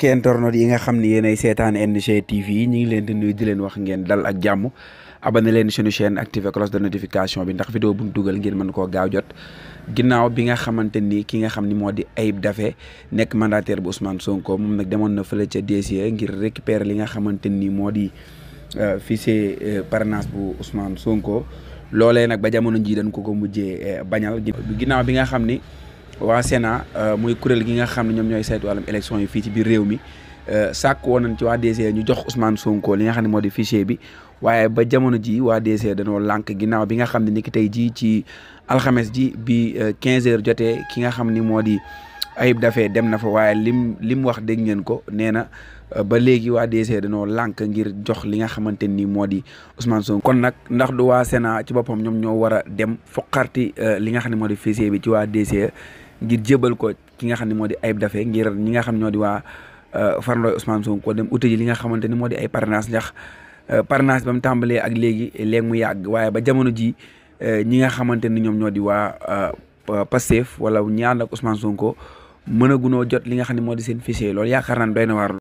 mbokki internet yi nga xam ni yéenay seetaan NGTV ñu ngi leen di nuyu di leen wax ngeen dal ak jàmm abonné leen suñu chaîne activé cloche de notification bi ndax vidéo bu ñu dugal ngeen mën koo gaaw jot ginnaaw bi nga xamante ni ki nga xam ni moo di Ayib Daffé nekk mandataire bu Ousmane Sonko moom nag demoon na fële ca DGE ngir récupérer li nga xamante ni moo di euh, fichier euh, parrainage bu Ousmane Sonko loolee nag ba jamono jii dañ ko ko mujjee euh, bañal ginnaaw bi nga xam ni. waa Sénat euh, muy kuréel gi nga xam ne ñoom ñooy saytu wàllum élection yi fii ci biir réew mi euh, sàkk woon nañ ci waa DG ñu jox Ousmane Sonko li nga xam ne moo di fichier bi waaye ba jamono ji waa DG dañoo lànk ginnaaw bi nga xam ne ni ki tey jii ci alxames ji bi 15 euh, heures ki nga xam ni moo di Ayib Daffé dem na fa waaye lim lim wax dégg ngeen ko nee na ba léegi waa DG danoo lànk ngir jox li nga xamante ni moo di usman Sonko. kon nag ndax du waa Sénat ci boppam ñoom ñoo war a dem foqarti li nga xam ne moo di fichier bi ci waa DG. ngir jébal ko ki nga xam ne moo di ay Daffé ngir ñi nga xam ñoo di waa euh, farandooy Ousmane Sonko dem uti li nga xamante ni moo di ay parrainage ndax euh, parrainage ba mu tàmbalee ak léegi léegi mu yàgg waaye ba jamono ji euh, ñi nga xamante ni ñoom ñoo di waa Pastef wala ñi ànd ak Ousmane Sonko mën a gunoo jot li nga xam ne moo di seen fichier loolu yaakaar naan doy na waar